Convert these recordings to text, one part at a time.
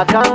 acá.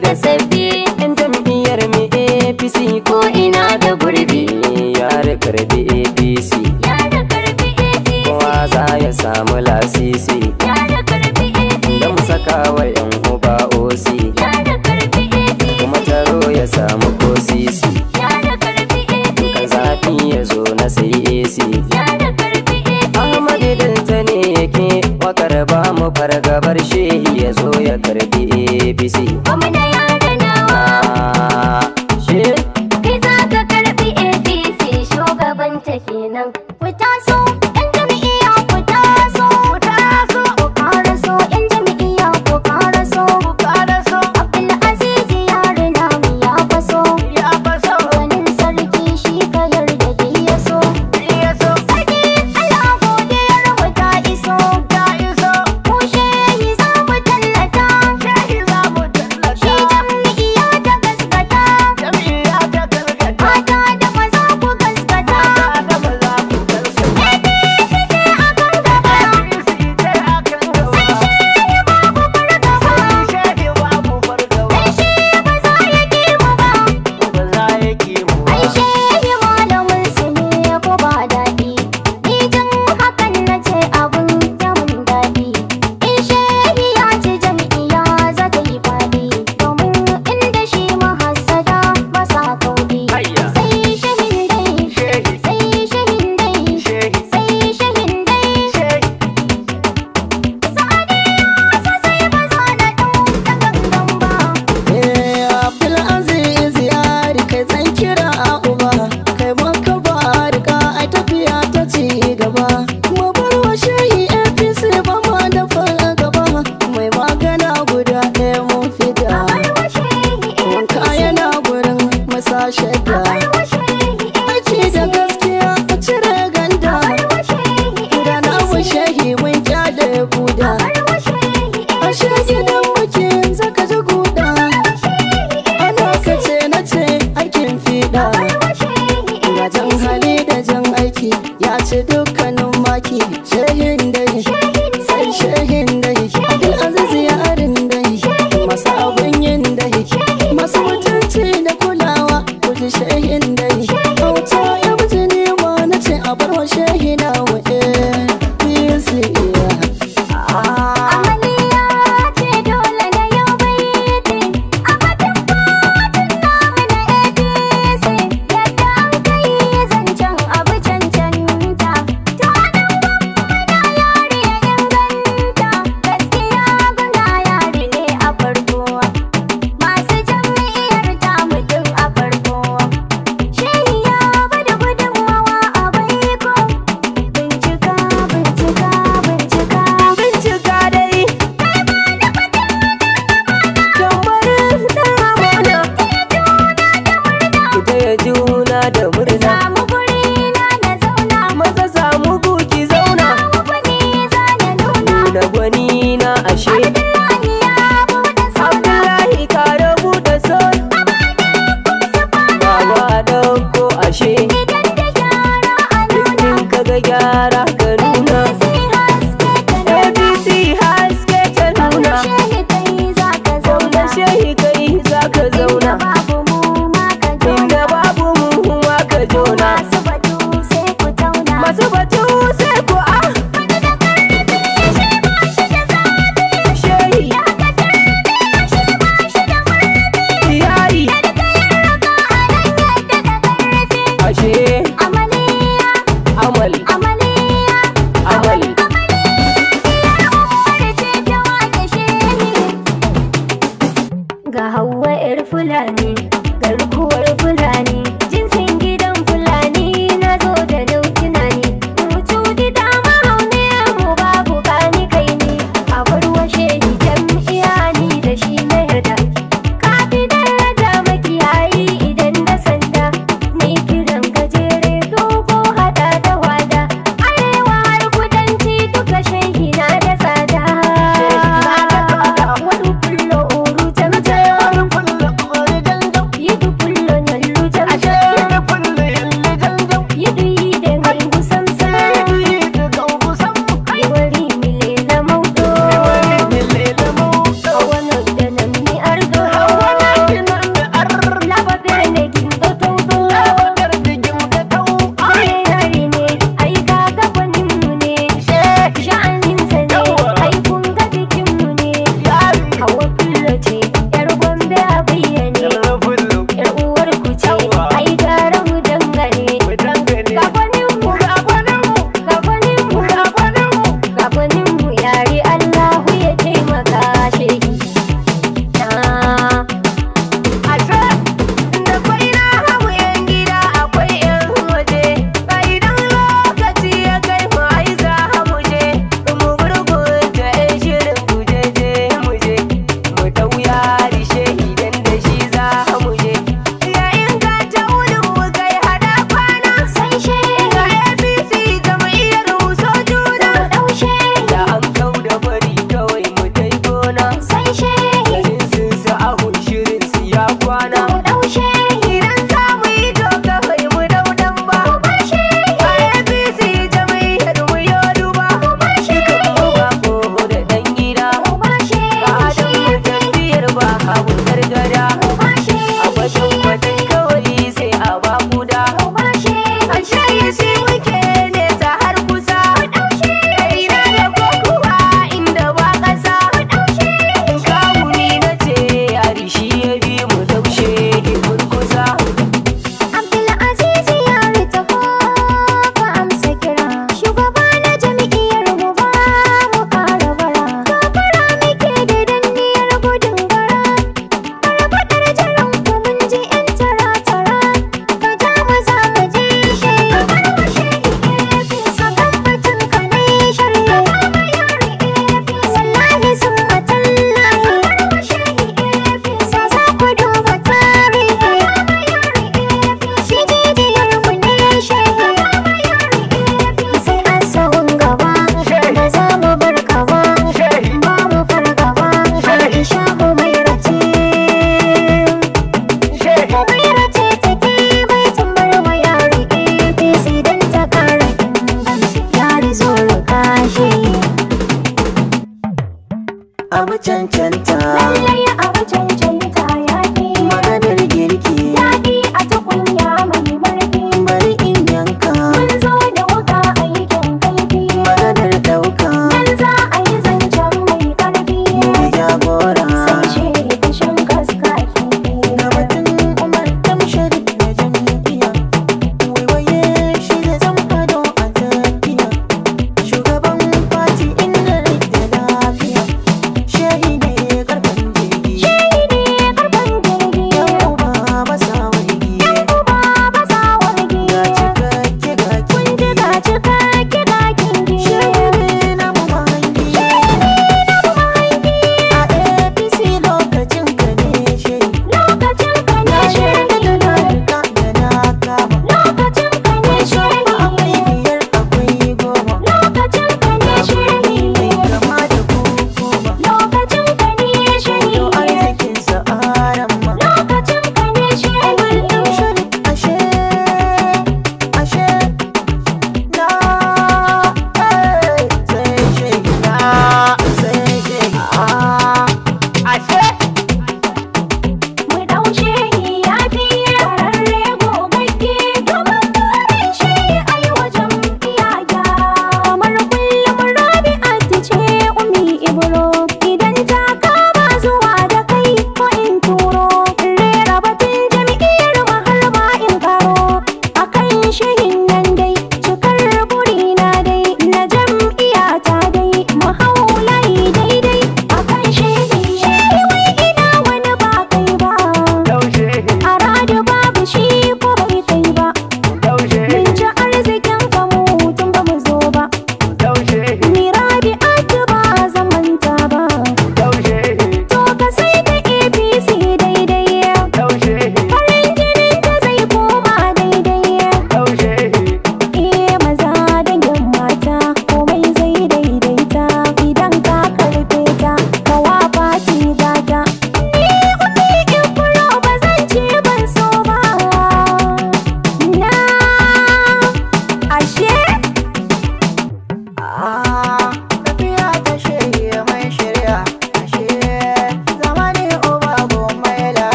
Gracias.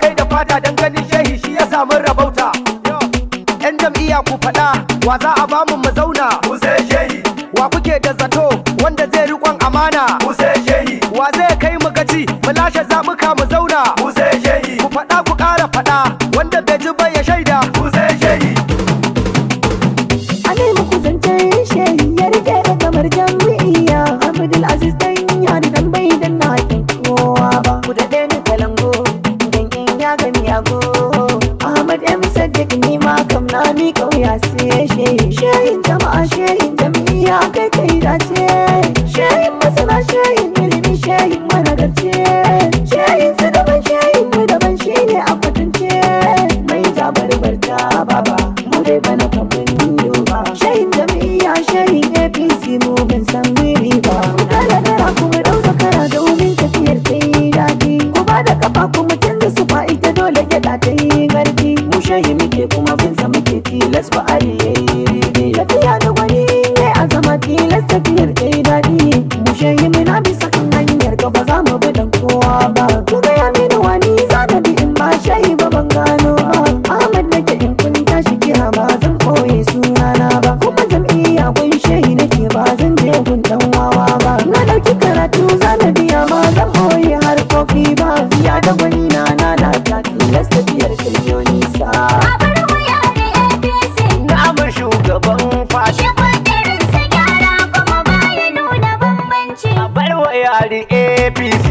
kai da fata don ganin shehi shi ya samu rabauta yan jam'iyya ku faɗa wa za a bamu mu zauna shehi wa kuke da zato wanda zai riƙon amana shehi wa zai kai mu gaci mu lashe zaɓuka mu zauna shehi ku faɗa ku ƙara faɗa wanda bai ji bai All the APC.